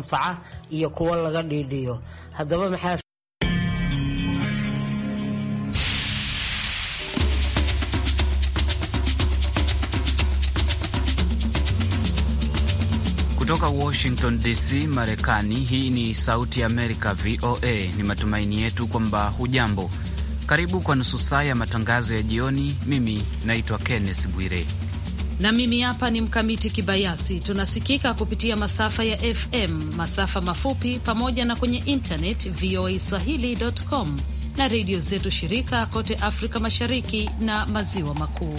anfaca iyo kuwa laga dhiidhiyo haddaba maxaa Kutoka Washington DC, Marekani. Hii ni Sauti ya Amerika, VOA. Ni matumaini yetu kwamba hujambo. Karibu kwa nusu saa ya matangazo ya jioni. Mimi naitwa Kenneth Bwire na mimi hapa ni Mkamiti Kibayasi. Tunasikika kupitia masafa ya FM, masafa mafupi, pamoja na kwenye internet voa swahili.com na redio zetu shirika kote Afrika Mashariki na Maziwa Makuu.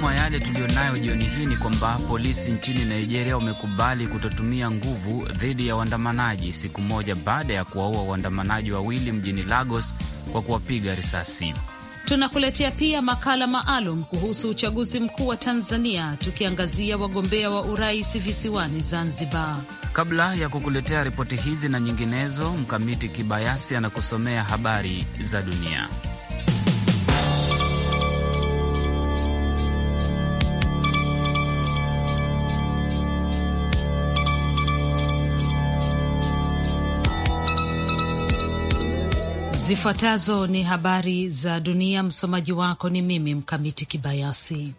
mwa yale tuliyonayo jioni hii ni kwamba polisi nchini Nigeria wamekubali kutotumia nguvu dhidi ya waandamanaji siku moja baada ya kuwaua waandamanaji wawili mjini Lagos kwa kuwapiga risasi. Tunakuletea pia makala maalum kuhusu uchaguzi mkuu wa Tanzania, tukiangazia wagombea wa urais visiwani Zanzibar. Kabla ya kukuletea ripoti hizi na nyinginezo, Mkamiti Kibayasi anakusomea habari za dunia. Zifuatazo ni habari za dunia. Msomaji wako ni mimi Mkamiti Kibayasi.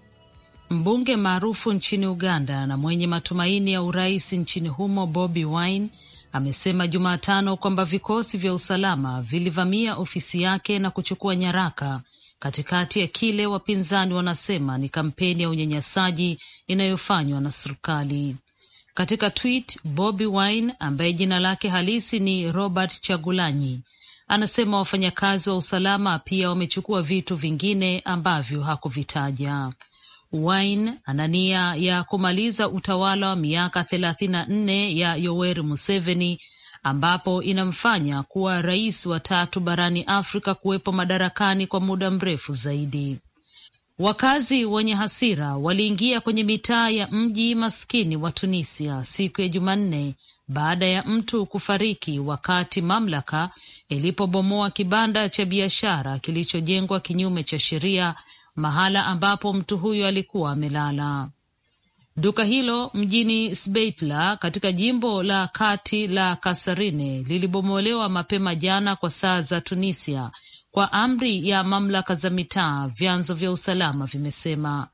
Mbunge maarufu nchini Uganda na mwenye matumaini ya urais nchini humo Bobi Wine amesema Jumatano kwamba vikosi vya usalama vilivamia ofisi yake na kuchukua nyaraka katikati ya kile wapinzani wanasema ni kampeni ya unyanyasaji inayofanywa na serikali. Katika tweet, Bobi Wine ambaye jina lake halisi ni Robert Chagulanyi anasema wafanyakazi wa usalama pia wamechukua vitu vingine ambavyo hakuvitaja. Wine ana nia ya kumaliza utawala wa miaka thelathini na nne ya Yoweri Museveni ambapo inamfanya kuwa rais wa tatu barani Afrika kuwepo madarakani kwa muda mrefu zaidi. Wakazi wenye hasira waliingia kwenye mitaa ya mji maskini wa Tunisia siku ya Jumanne baada ya mtu kufariki wakati mamlaka ilipobomoa kibanda cha biashara kilichojengwa kinyume cha sheria mahala ambapo mtu huyo alikuwa amelala. Duka hilo mjini Sbeitla katika jimbo la kati la Kasarine lilibomolewa mapema jana kwa saa za Tunisia kwa amri ya mamlaka za mitaa, vyanzo vya usalama vimesema.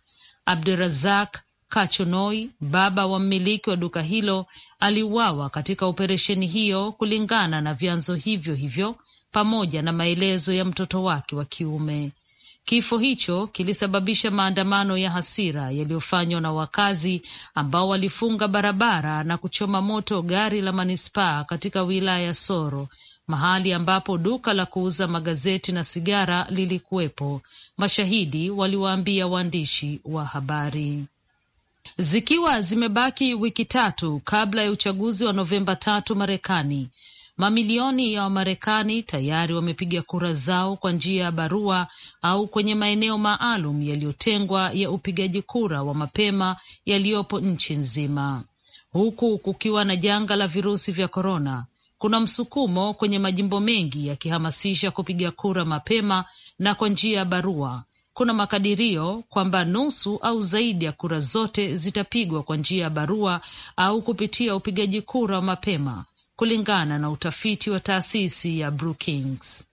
Abdurazak Kachonoi, baba wa mmiliki wa duka hilo, aliuawa katika operesheni hiyo, kulingana na vyanzo hivyo hivyo pamoja na maelezo ya mtoto wake wa kiume. Kifo hicho kilisababisha maandamano ya hasira yaliyofanywa na wakazi ambao walifunga barabara na kuchoma moto gari la manispaa katika wilaya ya Soro, mahali ambapo duka la kuuza magazeti na sigara lilikuwepo. Mashahidi waliwaambia waandishi wa habari. Zikiwa zimebaki wiki tatu kabla ya uchaguzi wa Novemba tatu Marekani, mamilioni ya Wamarekani tayari wamepiga kura zao kwa njia ya barua au kwenye maeneo maalum yaliyotengwa ya upigaji kura wa mapema yaliyopo nchi nzima. Huku kukiwa na janga la virusi vya korona, kuna msukumo kwenye majimbo mengi yakihamasisha kupiga kura mapema na kwa njia ya barua kuna makadirio kwamba nusu au zaidi ya kura zote zitapigwa kwa njia ya barua au kupitia upigaji kura wa mapema, kulingana na utafiti wa taasisi ya Brookings.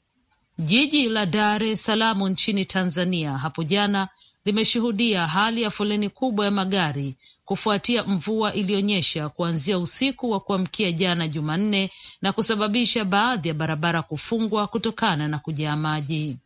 Jiji la Dar es Salaam nchini Tanzania hapo jana limeshuhudia hali ya foleni kubwa ya magari kufuatia mvua iliyonyesha kuanzia usiku wa kuamkia jana Jumanne na kusababisha baadhi ya barabara kufungwa kutokana na kujaa maji.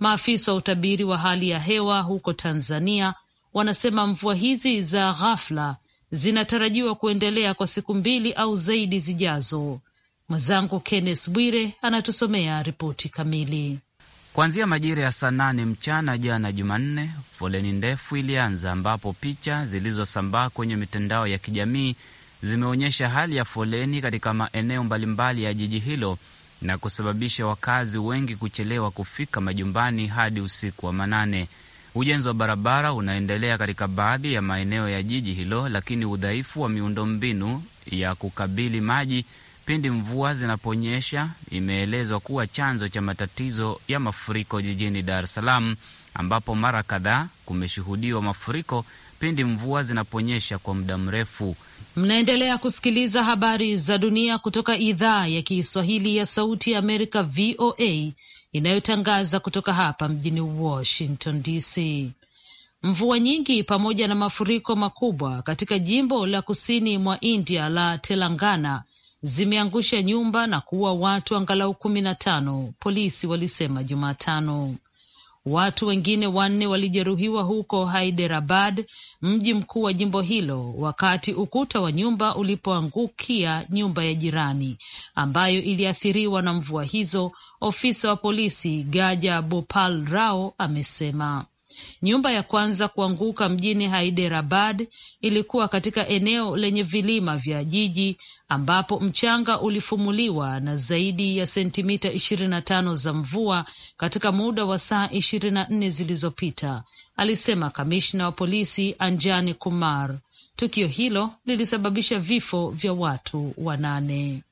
Maafisa wa utabiri wa hali ya hewa huko Tanzania wanasema mvua hizi za ghafla zinatarajiwa kuendelea kwa siku mbili au zaidi zijazo. Mwenzangu Kenneth Bwire anatusomea ripoti kamili. Kuanzia majira ya saa nane mchana jana Jumanne, foleni ndefu ilianza, ambapo picha zilizosambaa kwenye mitandao ya kijamii zimeonyesha hali ya foleni katika maeneo mbalimbali ya jiji hilo na kusababisha wakazi wengi kuchelewa kufika majumbani hadi usiku wa manane. Ujenzi wa barabara unaendelea katika baadhi ya maeneo ya jiji hilo, lakini udhaifu wa miundombinu ya kukabili maji pindi mvua zinaponyesha imeelezwa kuwa chanzo cha matatizo ya mafuriko jijini Dar es Salaam, ambapo mara kadhaa kumeshuhudiwa mafuriko pindi mvua zinaponyesha kwa muda mrefu. Mnaendelea kusikiliza habari za dunia kutoka idhaa ya Kiswahili ya Sauti ya Amerika, VOA, inayotangaza kutoka hapa mjini Washington DC. Mvua nyingi pamoja na mafuriko makubwa katika jimbo la kusini mwa India la Telangana zimeangusha nyumba na kuua watu angalau kumi na tano, polisi walisema Jumatano. Watu wengine wanne walijeruhiwa huko Hyderabad, mji mkuu wa jimbo hilo, wakati ukuta wa nyumba ulipoangukia nyumba ya jirani ambayo iliathiriwa na mvua hizo, ofisa wa polisi Gaja bopal Rao amesema. Nyumba ya kwanza kuanguka mjini Haiderabad ilikuwa katika eneo lenye vilima vya jiji ambapo mchanga ulifumuliwa na zaidi ya sentimita 25 za mvua katika muda wa saa 24 zilizopita, alisema kamishna wa polisi Anjani Kumar. Tukio hilo lilisababisha vifo vya watu wanane.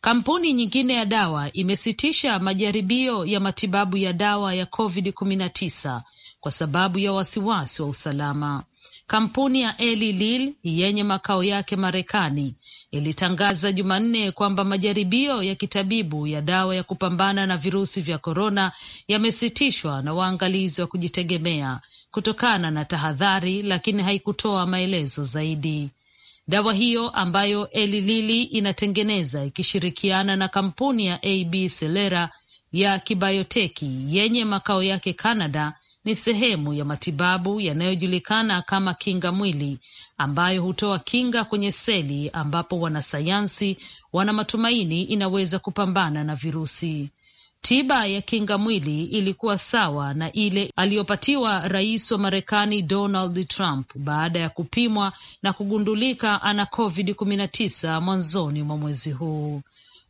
Kampuni nyingine ya dawa imesitisha majaribio ya matibabu ya dawa ya COVID-19 kwa sababu ya wasiwasi wa usalama. Kampuni ya Eli Lilly yenye makao yake Marekani ilitangaza Jumanne kwamba majaribio ya kitabibu ya dawa ya kupambana na virusi vya korona yamesitishwa na waangalizi wa kujitegemea kutokana na tahadhari, lakini haikutoa maelezo zaidi. Dawa hiyo ambayo Eli Lilly inatengeneza ikishirikiana na kampuni ya AB Celera ya kibayoteki yenye makao yake Canada ni sehemu ya matibabu yanayojulikana kama kinga mwili ambayo hutoa kinga kwenye seli ambapo wanasayansi wana matumaini inaweza kupambana na virusi. Tiba ya kinga mwili ilikuwa sawa na ile aliyopatiwa rais wa Marekani Donald Trump baada ya kupimwa na kugundulika ana COVID-19 mwanzoni mwa mwezi huu.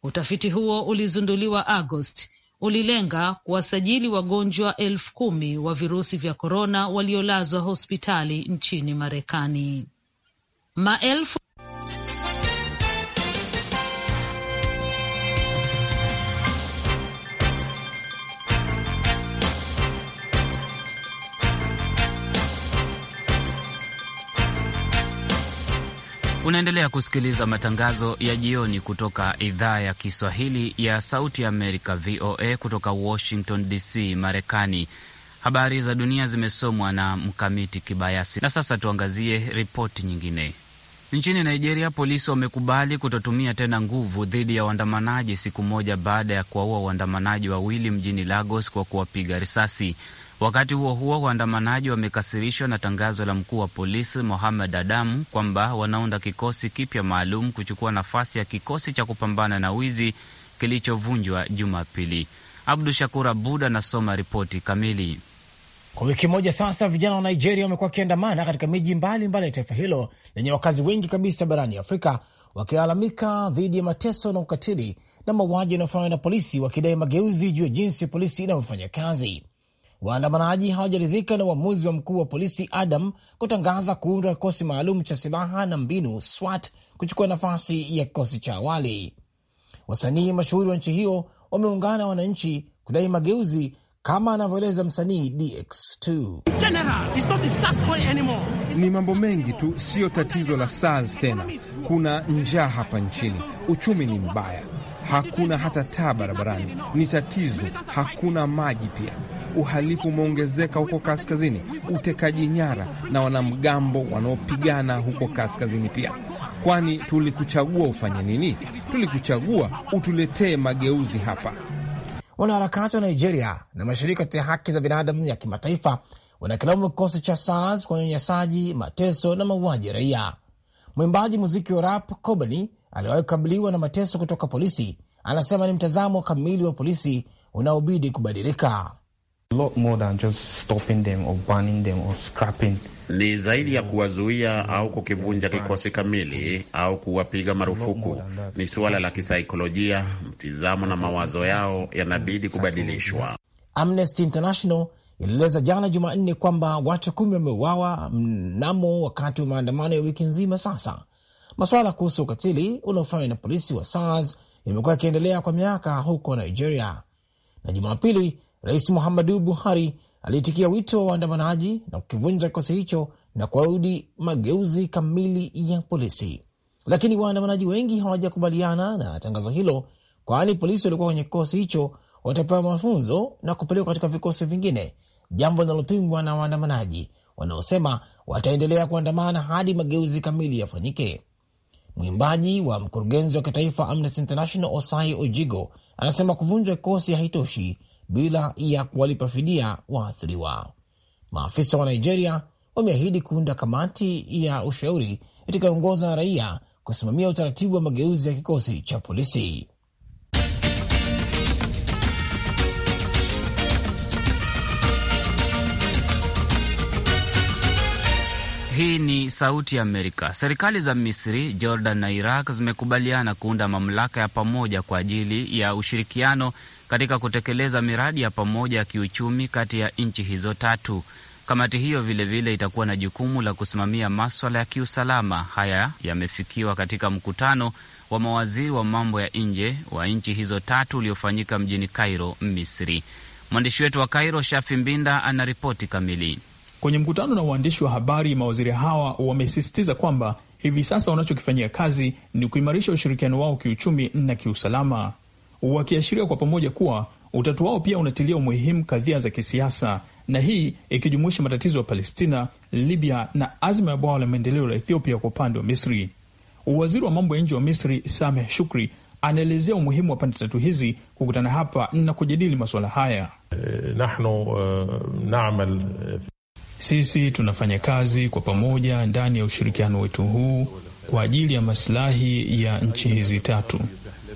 Utafiti huo ulizinduliwa Agosti ulilenga kuwasajili wagonjwa elfu kumi wa virusi vya korona waliolazwa hospitali nchini Marekani. Maelfu Unaendelea kusikiliza matangazo ya jioni kutoka idhaa ya Kiswahili ya Sauti ya Amerika, VOA, kutoka Washington DC, Marekani. Habari za dunia zimesomwa na Mkamiti Kibayasi. Na sasa tuangazie ripoti nyingine. Nchini Nigeria, polisi wamekubali kutotumia tena nguvu dhidi ya waandamanaji siku moja baada ya kuwaua waandamanaji wawili mjini Lagos kwa kuwapiga risasi. Wakati huo huo, waandamanaji wamekasirishwa na tangazo la mkuu wa polisi Mohamed Adamu kwamba wanaunda kikosi kipya maalum kuchukua nafasi ya kikosi cha kupambana na wizi kilichovunjwa Jumapili. Abdu Shakur Abud anasoma ripoti kamili. Kwa wiki moja sasa, vijana wa Nigeria wamekuwa wakiandamana katika miji mbalimbali ya taifa hilo lenye wakazi wengi kabisa barani Afrika, wakilalamika dhidi ya mateso na ukatili na mauaji yanayofanywa na polisi, wakidai mageuzi juu ya jinsi polisi inavyofanya kazi. Waandamanaji hawajaridhika na uamuzi wa mkuu wa polisi Adam kutangaza kuundwa kikosi maalum cha silaha na mbinu SWAT kuchukua nafasi ya kikosi cha awali. Wasanii mashuhuri wa nchi hiyo wameungana na wananchi kudai mageuzi, kama anavyoeleza msanii DX2. Ni mambo mengi tu, siyo tatizo la SARS tena. Kuna njaa hapa nchini, uchumi ni mbaya hakuna hata taa barabarani, ni tatizo. Hakuna maji pia. Uhalifu umeongezeka huko kaskazini, utekaji nyara na wanamgambo wanaopigana huko kaskazini pia. Kwani tulikuchagua ufanye nini? Tulikuchagua utuletee mageuzi hapa. Wanaharakati wa Nigeria na mashirika ya haki za binadamu ya kimataifa wanakilaumu kikosi cha SARS kwa unyanyasaji, mateso na mauaji ya raia. Mwimbaji muziki wa rap Kobani aliwahi kukabiliwa na mateso kutoka polisi, anasema ni mtazamo kamili wa polisi unaobidi kubadilika. Ni zaidi ya kuwazuia au kukivunja kikosi kamili au kuwapiga marufuku. Ni suala la kisaikolojia, mtizamo na mawazo yao yanabidi kubadilishwa. Amnesty International ilieleza jana Jumanne kwamba watu kumi wameuawa mnamo wakati wa maandamano ya wiki nzima sasa Masuala kuhusu ukatili unaofanywa na polisi wa SARS yamekuwa yakiendelea kwa miaka huko Nigeria, na Jumapili Rais Muhammadu Buhari aliitikia wito wa waandamanaji na kukivunja kikosi hicho na kuahidi mageuzi kamili ya polisi, lakini waandamanaji wengi hawajakubaliana na tangazo hilo, kwani polisi waliokuwa kwenye kikosi hicho watapewa mafunzo na kupelekwa katika vikosi vingine, jambo linalopingwa na waandamanaji wanaosema wataendelea kuandamana hadi mageuzi kamili yafanyike. Mwimbaji wa mkurugenzi wa kitaifa Amnesty International Osai Ojigo anasema kuvunjwa kikosi haitoshi bila ya kuwalipa fidia waathiriwa. Maafisa wa Nigeria wameahidi kuunda kamati ya ushauri itakayoongozwa na raia kusimamia utaratibu wa mageuzi ya kikosi cha polisi. Hii ni Sauti ya Amerika. Serikali za Misri, Jordan na Iraq zimekubaliana kuunda mamlaka ya pamoja kwa ajili ya ushirikiano katika kutekeleza miradi ya pamoja ya kiuchumi kati ya nchi hizo tatu. Kamati hiyo vilevile vile itakuwa na jukumu la kusimamia maswala ya kiusalama. Haya yamefikiwa katika mkutano wa mawaziri wa mambo ya nje wa nchi hizo tatu uliofanyika mjini Cairo, Misri. Mwandishi wetu wa Cairo, Shafi Mbinda, ana ripoti kamili. Kwenye mkutano na waandishi wa habari, mawaziri hawa wamesisitiza kwamba hivi sasa wanachokifanyia kazi ni kuimarisha ushirikiano wao kiuchumi na kiusalama, wakiashiria kwa pamoja kuwa utatu wao pia unatilia umuhimu kadhia za kisiasa, na hii ikijumuisha matatizo ya Palestina, Libya na azma ya bwawa la maendeleo la Ethiopia kwa upande wa Misri. Waziri wa mambo ya nje wa Misri Sameh Shukri anaelezea umuhimu wa pande tatu hizi kukutana hapa na kujadili masuala haya. Eh, nahnu eh, naamal eh, sisi tunafanya kazi kwa pamoja ndani ya ushirikiano wetu huu kwa ajili ya masilahi ya nchi hizi tatu,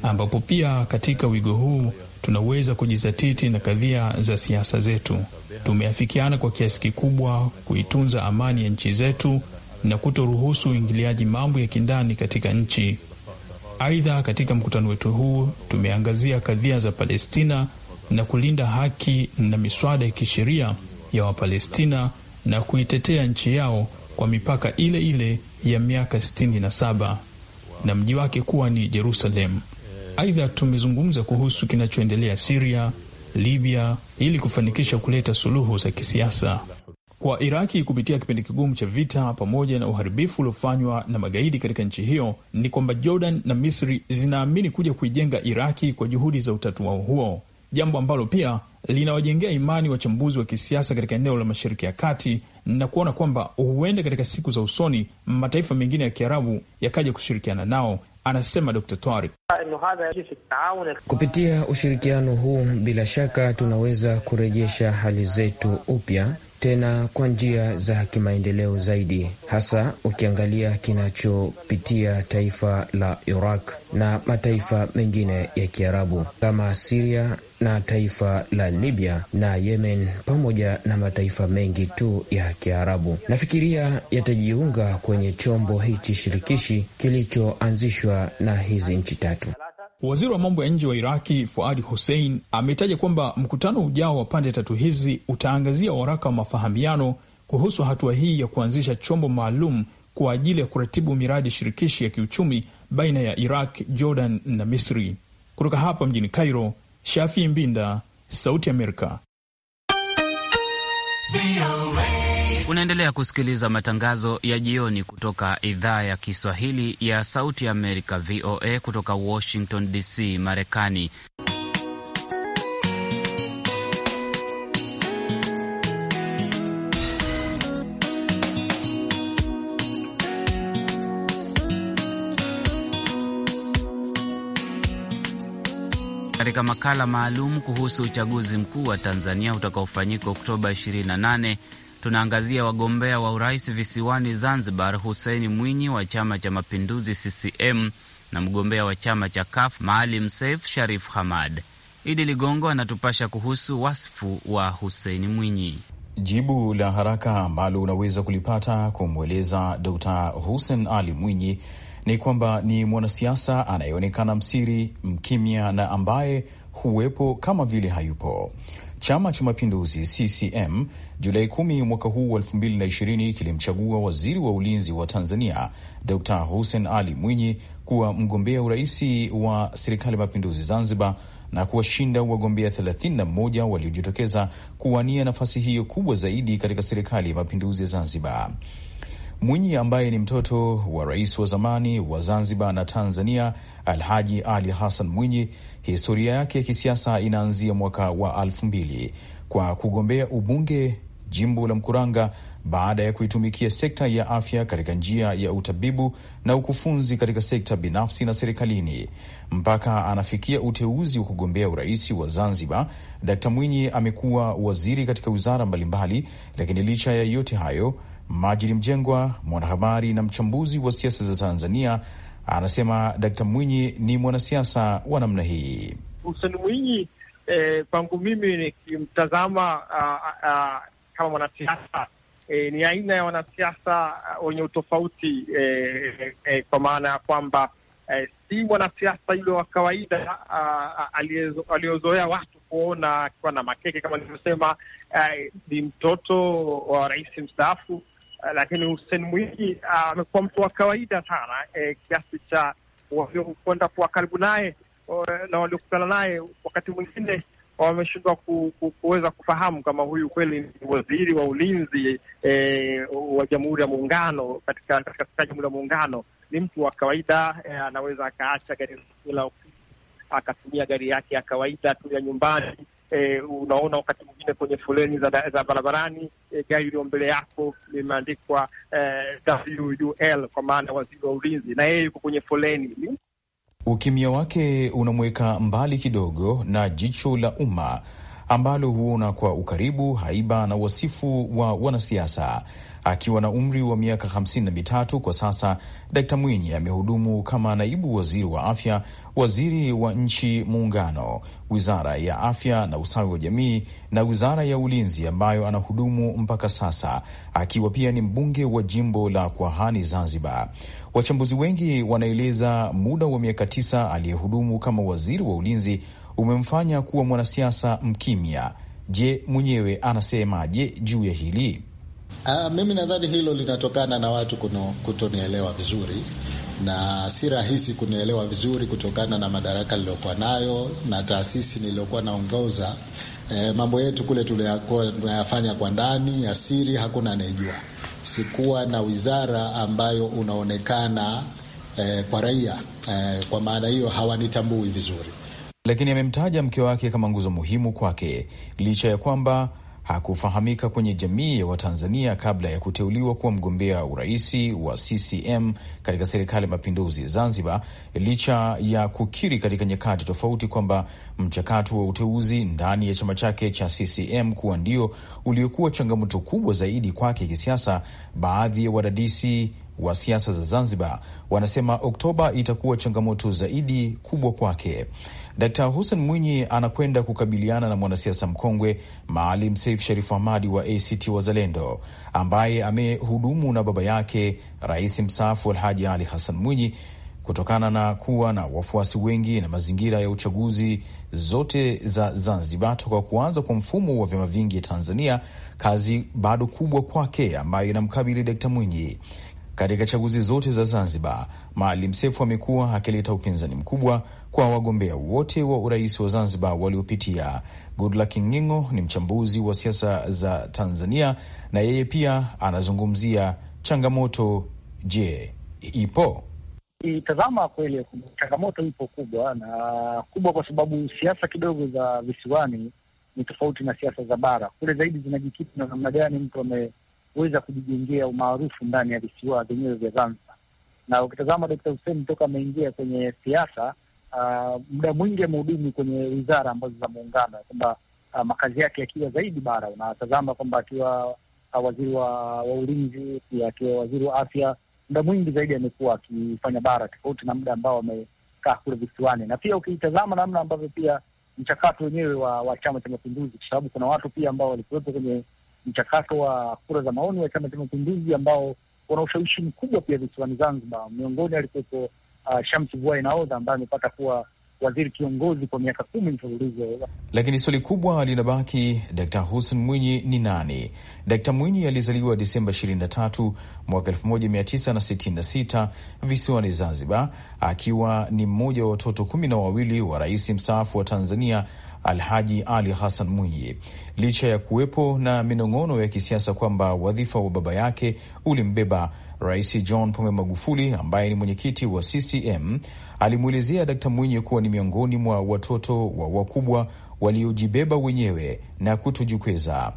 ambapo pia katika wigo huu tunaweza kujizatiti na kadhia za siasa zetu. Tumeafikiana kwa kiasi kikubwa kuitunza amani ya nchi zetu na kutoruhusu uingiliaji mambo ya kindani katika nchi. Aidha, katika mkutano wetu huu tumeangazia kadhia za Palestina na kulinda haki na miswada ya kisheria ya Wapalestina na kuitetea nchi yao kwa mipaka ile ile ya miaka 67 na mji wake kuwa ni Jerusalem. Aidha, tumezungumza kuhusu kinachoendelea Siria, Libya ili kufanikisha kuleta suluhu za kisiasa kwa Iraki kupitia kipindi kigumu cha vita pamoja na uharibifu uliofanywa na magaidi katika nchi hiyo. Ni kwamba Jordan na Misri zinaamini kuja kuijenga Iraki kwa juhudi za utatuao huo jambo ambalo pia linawajengea imani wachambuzi wa kisiasa katika eneo la Mashariki ya Kati na kuona kwamba huenda katika siku za usoni mataifa mengine ya Kiarabu yakaja kushirikiana nao. Anasema Dr. Twari, kupitia ushirikiano huu bila shaka tunaweza kurejesha hali zetu upya tena kwa njia za kimaendeleo zaidi, hasa ukiangalia kinachopitia taifa la Iraq na mataifa mengine ya Kiarabu kama Siria na taifa la Libya na Yemen pamoja na mataifa mengi tu ya Kiarabu. Nafikiria yatajiunga kwenye chombo hichi shirikishi kilichoanzishwa na hizi nchi tatu. Waziri wa mambo ya nje wa Iraki Fuadi Hussein ametaja kwamba mkutano ujao wa pande tatu hizi utaangazia waraka wa mafahamiano kuhusu hatua hii ya kuanzisha chombo maalum kwa ajili ya kuratibu miradi shirikishi ya kiuchumi baina ya Iraq, Jordan na Misri. Kutoka hapa mjini Cairo, Shafii Mbinda, Sauti Amerika. Unaendelea kusikiliza matangazo ya jioni kutoka idhaa ya Kiswahili ya Sauti ya Amerika, VOA, kutoka Washington DC, Marekani. Katika makala maalum kuhusu uchaguzi mkuu wa Tanzania utakaofanyika Oktoba 28 Tunaangazia wagombea wa urais visiwani Zanzibar, hussein Mwinyi wa Chama cha Mapinduzi CCM na mgombea wa chama cha KAF Maalim Seif Sharif Hamad. Idi Ligongo anatupasha kuhusu wasifu wa Hussein Mwinyi. Jibu la haraka ambalo unaweza kulipata kumweleza Dr Hussein Ali Mwinyi ni kwamba ni mwanasiasa anayeonekana msiri, mkimya na ambaye huwepo kama vile hayupo. Chama cha Mapinduzi CCM Julai kumi mwaka huu wa elfu mbili na ishirini kilimchagua waziri wa ulinzi wa Tanzania Dkt Hussein Ali Mwinyi kuwa mgombea uraisi wa serikali ya mapinduzi Zanzibar na kuwashinda wagombea 31 waliojitokeza kuwania nafasi hiyo kubwa zaidi katika serikali ya mapinduzi ya Zanzibar. Mwinyi ambaye ni mtoto wa rais wa zamani wa Zanzibar na Tanzania Alhaji Ali Hassan Mwinyi, historia yake ya kisiasa inaanzia mwaka wa alfu mbili kwa kugombea ubunge jimbo la Mkuranga baada ya kuitumikia sekta ya afya katika njia ya utabibu na ukufunzi katika sekta binafsi na serikalini mpaka anafikia uteuzi wa kugombea urais wa Zanzibar. Dkt Mwinyi amekuwa waziri katika wizara mbalimbali, lakini licha ya yote hayo Majiri Mjengwa, mwanahabari na mchambuzi wa siasa za Tanzania, anasema Dkt. Mwinyi ni mwanasiasa wa namna hii. Hussein Mwinyi eh, kwangu, eh, mimi nikimtazama ah, ah, ah, kama mwanasiasa eh, ni aina ya wanasiasa wenye utofauti eh, eh, kwa maana ya kwamba eh, si mwanasiasa yule wa kawaida aliyozoea watu kuona akiwa na makeke kama nilivyosema. Eh, ni mtoto wa rais mstaafu Eh, lakini Hussein Mwinyi ah, amekuwa mtu wa kawaida sana e, kiasi cha waliokwenda kuwa karibu naye eh, na waliokutana naye wakati mwingine wameshindwa ku, ku, kuweza kufahamu kama huyu kweli ni waziri wa ulinzi e, wa Jamhuri ya Muungano katika katika Jamhuri ya Muungano. Ni mtu wa kawaida e, anaweza akaacha gari la ofisi akatumia gari yake ya kawaida tu ya nyumbani eh, unaona wakati mwingine kwenye foleni za, za barabarani eh, gari iliyo mbele yako limeandikwa e, eh, WUL kwa maana waziri wa ulinzi, na yeye yuko kwenye foleni. Ukimya wake unamweka mbali kidogo na jicho la umma ambalo huona kwa ukaribu haiba na wasifu wa wanasiasa akiwa na umri wa miaka hamsini na mitatu kwa sasa. Dkt Mwinyi amehudumu kama naibu waziri wa afya, waziri wa nchi muungano, wizara ya afya na ustawi wa jamii na wizara ya ulinzi, ambayo anahudumu mpaka sasa, akiwa pia ni mbunge wa jimbo la Kwahani, Zanzibar. Wachambuzi wengi wanaeleza muda wa miaka tisa aliyehudumu kama waziri wa ulinzi umemfanya kuwa mwanasiasa mkimya. Je, mwenyewe anasemaje juu ya hili? Aa, ah, mimi nadhani hilo linatokana na watu kutonielewa vizuri na si rahisi kunielewa vizuri kutokana na madaraka niliyokuwa nayo na taasisi niliyokuwa naongoza. E, mambo yetu kule tunayafanya kwa ndani ya siri, hakuna anayejua. Sikuwa na wizara ambayo unaonekana e, kwa raia e, kwa maana hiyo hawanitambui vizuri, lakini amemtaja mke wake kama nguzo muhimu kwake licha ya kwamba hakufahamika kwenye jamii ya Watanzania kabla ya kuteuliwa kuwa mgombea uraisi wa CCM katika serikali ya mapinduzi ya Zanzibar, licha ya kukiri katika nyakati tofauti kwamba mchakato wa uteuzi ndani ya chama chake cha CCM kuwa ndio uliokuwa changamoto kubwa zaidi kwake kisiasa. Baadhi ya wadadisi wa siasa za Zanzibar wanasema Oktoba itakuwa changamoto zaidi kubwa kwake. Dkt Hussein Mwinyi anakwenda kukabiliana na mwanasiasa mkongwe Maalim Seif Sharif Hamadi wa ACT Wazalendo, ambaye amehudumu na baba yake rais mstaafu Alhaji Ali Hassan Mwinyi kutokana na kuwa na wafuasi wengi na mazingira ya uchaguzi zote za Zanzibar toka kuanza kwa mfumo wa vyama vingi Tanzania. Kazi bado kubwa kwake ambayo inamkabili Dkt Mwinyi. Katika chaguzi zote za Zanzibar, Maalim sefu amekuwa akileta upinzani mkubwa kwa wagombea wote wa urais wa Zanzibar waliopitia. Goodluck Ngingo ni mchambuzi wa siasa za Tanzania na yeye pia anazungumzia changamoto. Je, ipo? Itazama kweli, changamoto ipo kubwa na kubwa, kwa sababu siasa kidogo za visiwani ni tofauti na siasa za bara. Kule zaidi zinajikita na namna gani mtu ame kuweza kujijengea umaarufu ndani ya visiwa vyenyewe vya Zanzibar. Na ukitazama Dkt. Hussein toka ameingia kwenye siasa uh, muda mwingi amehudumu kwenye wizara ambazo za muungano, kwamba uh, makazi yake yakiwa zaidi bara. Unatazama kwamba akiwa uh, waziri wa, wa ulinzi, pia akiwa waziri wa afya, muda mwingi zaidi amekuwa akifanya bara, tofauti na muda ambao amekaa kule visiwani. Na pia ukitazama namna ambavyo pia mchakato wenyewe wa, wa Chama cha Mapinduzi, kwa sababu kuna watu pia ambao walikuwepo kwenye mchakato wa kura za maoni wa Chama cha Mapinduzi ambao wana ushawishi mkubwa pia visiwani Zanzibar. Miongoni alikuwepo uh, Shamsi Vuai Naodha ambaye amepata kuwa waziri kiongozi kwa miaka kumi mfululizo. Lakini swali kubwa linabaki, Dkt Hussein Mwinyi ni nani? Dkt Mwinyi alizaliwa Disemba 23 mwaka 1966 visiwani Zanzibar, akiwa ni mmoja wa watoto kumi na wawili wa rais mstaafu wa Tanzania Alhaji Ali Hassan Mwinyi, licha ya kuwepo na minong'ono ya kisiasa kwamba wadhifa wa baba yake ulimbeba Rais John Pombe Magufuli ambaye ni mwenyekiti wa CCM alimwelezea Dkt. Mwinyi kuwa ni miongoni mwa watoto wa wakubwa waliojibeba wenyewe na kutojukweza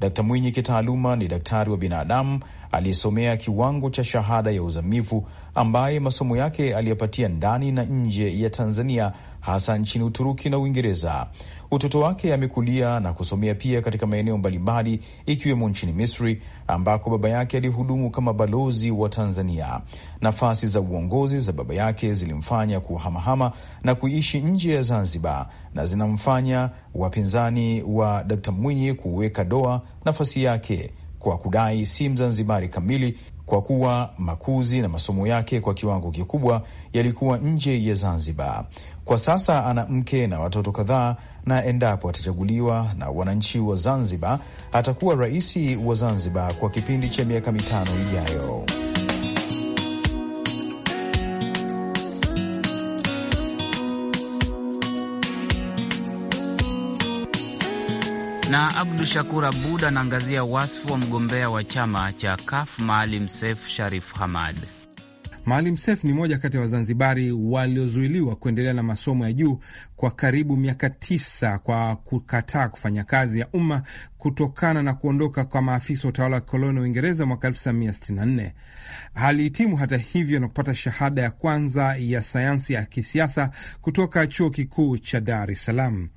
Dkt. Mwinyi kitaaluma ni daktari wa binadamu aliyesomea kiwango cha shahada ya uzamivu ambaye masomo yake aliyapatia ndani na nje ya Tanzania hasa nchini Uturuki na Uingereza. Utoto wake amekulia na kusomea pia katika maeneo mbalimbali ikiwemo nchini Misri ambako baba yake alihudumu kama balozi wa Tanzania. Nafasi za uongozi za baba yake zilimfanya kuhamahama na kuishi nje ya Zanzibar na zinamfanya wapinzani wa Dkt. Mwinyi kuweka doa nafasi yake kwa kudai si Mzanzibari kamili kwa kuwa makuzi na masomo yake kwa kiwango kikubwa yalikuwa nje ya Zanzibar. Kwa sasa ana mke na watoto kadhaa, na endapo atachaguliwa na wananchi wa Zanzibar atakuwa rais wa Zanzibar kwa kipindi cha miaka mitano ijayo. na Abdu Shakur Abud anaangazia wasifu wa mgombea wa chama cha KAF Maalim Seif Sharif Hamad. Maalim Sef ni mmoja kati ya Wazanzibari waliozuiliwa kuendelea na masomo ya juu kwa karibu miaka tisa kwa kukataa kufanya kazi ya umma kutokana na kuondoka kwa maafisa wa utawala wa kikoloni wa Uingereza mwaka 1964. Alihitimu hata hivyo na kupata shahada ya kwanza ya sayansi ya kisiasa kutoka chuo kikuu cha Dar es Salaam.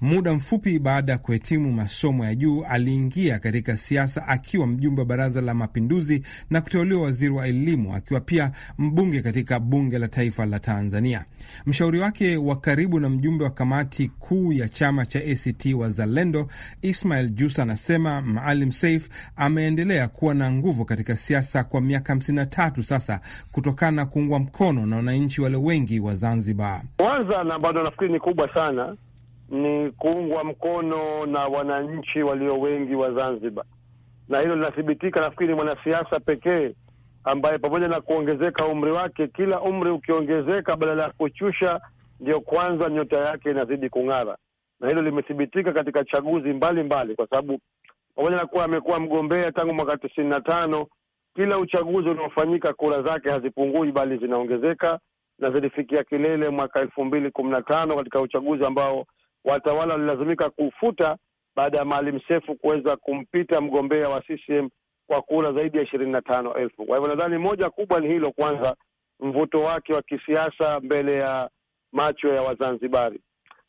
Muda mfupi baada ya kuhitimu masomo ya juu, aliingia katika siasa akiwa mjumbe wa Baraza la Mapinduzi na kuteuliwa waziri wa elimu, akiwa pia mbunge katika Bunge la Taifa la Tanzania. Mshauri wake wa karibu na mjumbe wa kamati kuu ya chama cha ACT Wazalendo, Ismail Jusa, anasema Maalim Seif ameendelea kuwa na nguvu katika siasa kwa miaka 53 sasa kutokana na kuungwa mkono na wananchi wale wengi wa Zanzibar. Kwanza na bado nafikiri ni kubwa sana ni kuungwa mkono na wananchi walio wengi wa Zanzibar, na hilo linathibitika. Nafikiri ni mwanasiasa pekee ambaye pamoja na kuongezeka umri wake, kila umri ukiongezeka, badala ya kuchusha, ndiyo kwanza nyota yake inazidi kung'ara, na hilo limethibitika katika chaguzi mbalimbali mbali, kwa sababu pamoja na kuwa amekuwa mgombea tangu mwaka tisini na tano, kila uchaguzi unaofanyika kura zake hazipungui bali zinaongezeka, na zilifikia kilele mwaka elfu mbili kumi na tano katika uchaguzi ambao watawala walilazimika kufuta baada ya Maalim Seif kuweza kumpita mgombea wa CCM kwa kura zaidi ya ishirini na tano elfu. Kwa hivyo nadhani moja kubwa ni hilo kwanza, mvuto wake wa kisiasa mbele ya macho ya Wazanzibari.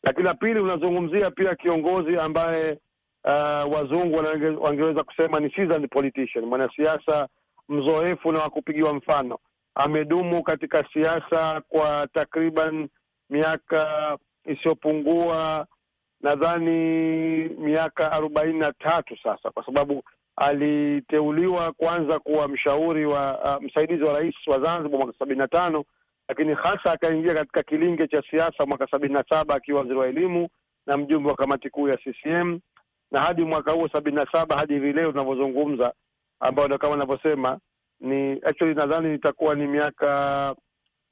Lakini la pili, unazungumzia pia kiongozi ambaye uh, wazungu wangeweza kusema ni seasoned politician, mwanasiasa mzoefu na wakupigiwa mfano. Amedumu katika siasa kwa takriban miaka isiyopungua nadhani miaka arobaini na tatu sasa, kwa sababu aliteuliwa kwanza kuwa mshauri wa uh, msaidizi wa rais wa Zanzibar mwaka sabini na tano lakini hasa akaingia katika kilinge cha siasa mwaka sabini na saba akiwa waziri wa elimu na mjumbe wa kamati kuu ya CCM na hadi mwaka huo sabini na saba hadi hivi leo tunavyozungumza, ambayo ndo kama navyosema ni actually nadhani itakuwa ni miaka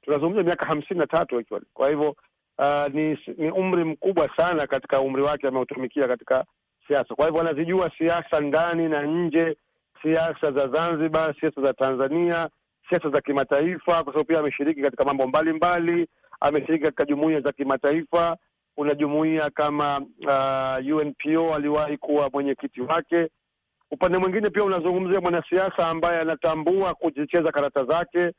tunazungumza miaka hamsini na tatu actually. Kwa hivyo uh, ni, ni umri mkubwa sana katika umri wake ameutumikia katika siasa. Kwa hivyo anazijua siasa ndani na nje, siasa za Zanzibar, siasa za Tanzania, siasa za kimataifa, kwa sababu pia ameshiriki katika mambo mbalimbali. Ameshiriki katika jumuia za kimataifa. Kuna jumuia kama uh, ah, UNPO aliwahi kuwa mwenyekiti wake. Upande mwingine pia unazungumzia mwanasiasa ambaye anatambua kujicheza karata zake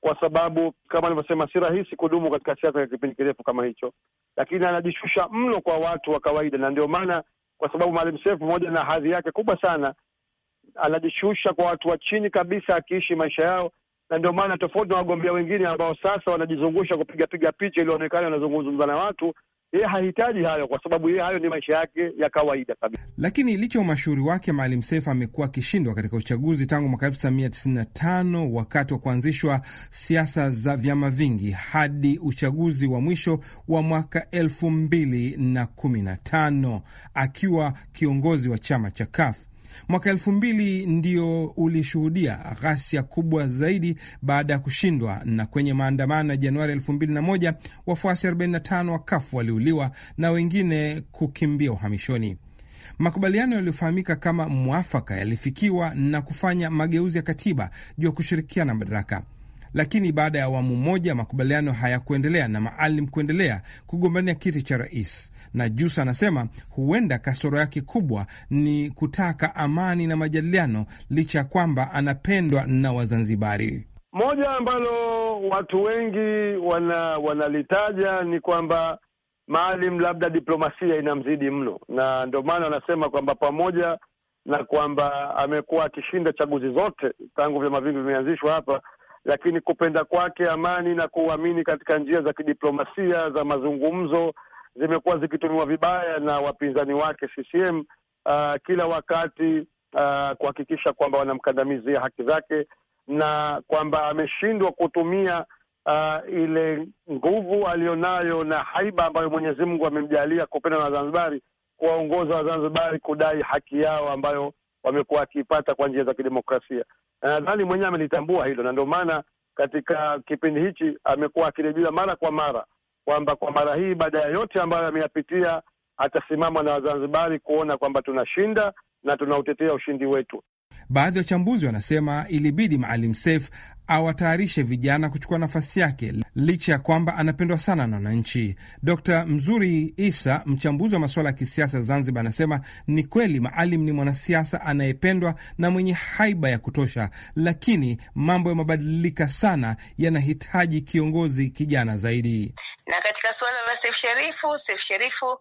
kwa sababu kama alivyosema, si rahisi kudumu katika siasa ya kipindi kirefu kama hicho, lakini anajishusha mno kwa watu wa kawaida, na ndio maana, kwa sababu Maalim Seif pamoja na hadhi yake kubwa sana, anajishusha kwa watu wa chini kabisa, akiishi maisha yao, na ndio maana tofauti na wagombea wengine ambao sasa wanajizungusha kupigapiga picha ili waonekane wanazungumza na watu, yeye hahitaji hayo, kwa sababu yeye hayo ni maisha yake ya kawaida kabisa. Lakini licha ya umashuhuri wake, Maalim Seif amekuwa akishindwa katika uchaguzi tangu mwaka 1995 wakati wa kuanzishwa siasa za vyama vingi hadi uchaguzi wa mwisho wa mwaka 2015 akiwa kiongozi wa chama cha kafu Mwaka elfu mbili ndio ulishuhudia ghasia kubwa zaidi baada ya kushindwa, na kwenye maandamano ya Januari elfu mbili na moja wafuasi 45 wa kafu waliuliwa na wengine kukimbia uhamishoni. Makubaliano yaliyofahamika kama mwafaka yalifikiwa na kufanya mageuzi ya katiba juu ya kushirikiana madaraka lakini baada ya awamu moja makubaliano hayakuendelea na Maalim kuendelea kugombania kiti cha rais. Na jus anasema huenda kasoro yake kubwa ni kutaka amani na majadiliano, licha ya kwamba anapendwa na Wazanzibari. Moja ambalo watu wengi wana wanalitaja ni kwamba Maalim labda diplomasia inamzidi mno, na ndio maana anasema kwamba pamoja na kwamba amekuwa akishinda chaguzi zote tangu vyama vingi vimeanzishwa hapa lakini kupenda kwake amani na kuamini katika njia za kidiplomasia za mazungumzo zimekuwa zikitumiwa vibaya na wapinzani wake CCM uh, ah, kila wakati uh, kuhakikisha kwamba wanamkandamizia haki zake na kwamba ameshindwa kutumia uh, ile nguvu aliyonayo na haiba ambayo Mwenyezi Mungu amemjalia kupenda na Wazanzibari kuwaongoza Wazanzibari kudai haki yao ambayo wamekuwa wakiipata kwa njia za kidemokrasia, na nadhani mwenyewe amelitambua hilo, na ndio maana katika kipindi hichi amekuwa akirejea mara kwa mara kwamba kwa mara hii baada ya yote ambayo ameyapitia, atasimama na Wazanzibari kuona kwamba tunashinda na tunautetea ushindi wetu. Baadhi ya wachambuzi wanasema ilibidi Maalim Seif awatayarishe vijana kuchukua nafasi yake licha ya kwamba anapendwa sana na wananchi. d Mzuri Isa, mchambuzi wa masuala ya kisiasa Zanzibar, anasema ni kweli Maalim ni mwanasiasa anayependwa na mwenye haiba ya kutosha, lakini mambo yamebadilika sana, yanahitaji kiongozi kijana zaidi. Na katika suala la Seif Sharifu, Seif Sharifu, uh,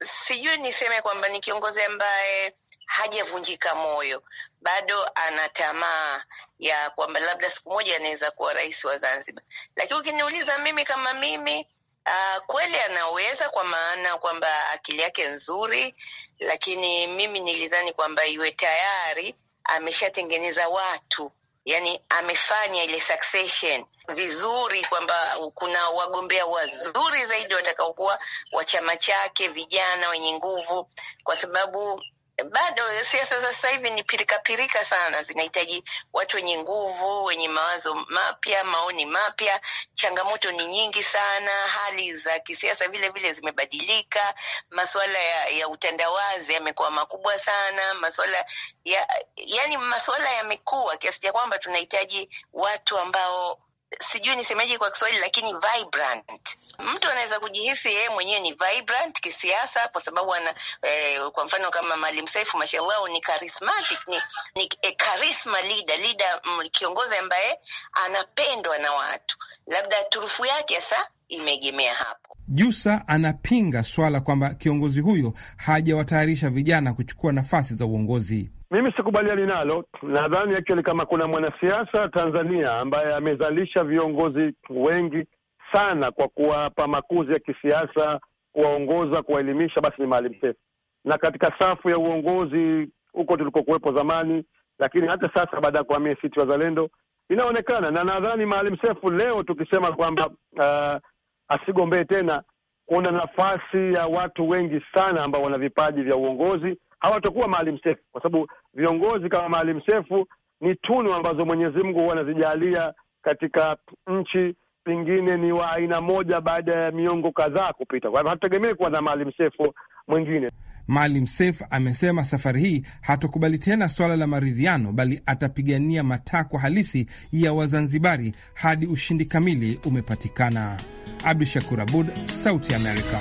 sijui niseme kwamba ni kiongozi ambaye hajavunjika moyo, bado ana tamaa ya kwamba labda siku moja anaweza kuwa rais wa Zanzibar. Lakini ukiniuliza mimi kama mimi Uh, kweli anaweza kwa maana kwamba akili yake nzuri, lakini mimi nilidhani kwamba iwe tayari ameshatengeneza watu, yani amefanya ile succession vizuri, kwamba kuna wagombea wazuri zaidi watakaokuwa wa chama chake, vijana wenye nguvu, kwa sababu bado siasa za sasa hivi ni pirikapirika pirika sana, zinahitaji watu wenye nguvu, wenye mawazo mapya, maoni mapya. Changamoto ni nyingi sana, hali za kisiasa vile vile zimebadilika. Masuala ya, ya utandawazi yamekuwa makubwa sana, masuala ya yani, masuala yamekuwa kiasi cha kwamba tunahitaji watu ambao sijui nisemeje kwa Kiswahili, lakini vibrant. Mtu anaweza kujihisi yeye mwenyewe ni vibrant kisiasa, kwa sababu ana eh, kwa mfano kama Maalim Seif mashallah ni charismatic, ni, ni eh, charisma leader, leader mm, kiongozi ambaye anapendwa na watu, labda turufu yake sasa imeegemea hapo. Jusa anapinga swala kwamba kiongozi huyo hajawatayarisha vijana kuchukua nafasi za uongozi. Mimi sikubaliani nalo. Nadhani actually kama kuna mwanasiasa Tanzania ambaye amezalisha viongozi wengi sana kwa kuwapa makuzi ya kisiasa, kuwaongoza, kuwaelimisha, basi ni Maalim Seif, na katika safu ya uongozi huko tulikokuwepo zamani, lakini hata sasa baada ya kuhamia ACT Wazalendo inaonekana, na nadhani Maalim Seif leo tukisema kwamba uh, asigombee tena, kuna nafasi ya watu wengi sana ambao wana vipaji vya uongozi hawatakuwa Maalim Seif, kwa sababu viongozi kama Maalim Seif ni tunu ambazo Mwenyezi Mungu huwa anazijalia katika nchi, pengine ni wa aina moja baada ya miongo kadhaa kupita. Kwa hivyo hatutegemei kuwa na Maalim Seif mwingine. Maalim Seif amesema safari hii hatukubali tena swala la maridhiano, bali atapigania matakwa halisi ya Wazanzibari hadi ushindi kamili umepatikana. Abdu Shakur Abud, Sauti ya Amerika.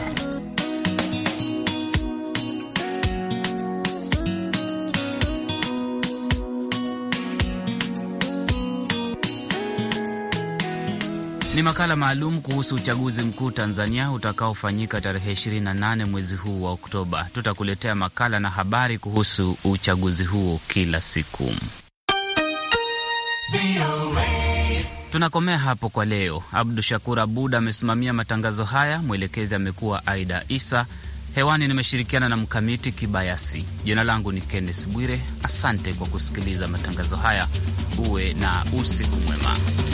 Ni makala maalum kuhusu uchaguzi mkuu Tanzania utakaofanyika tarehe 28 mwezi huu wa Oktoba. Tutakuletea makala na habari kuhusu uchaguzi huo kila siku. Tunakomea hapo kwa leo. Abdu Shakur Abud amesimamia matangazo haya, mwelekezi amekuwa Aida Isa. Hewani nimeshirikiana na Mkamiti Kibayasi. Jina langu ni kennes Bwire. Asante kwa kusikiliza matangazo haya. Uwe na usiku mwema.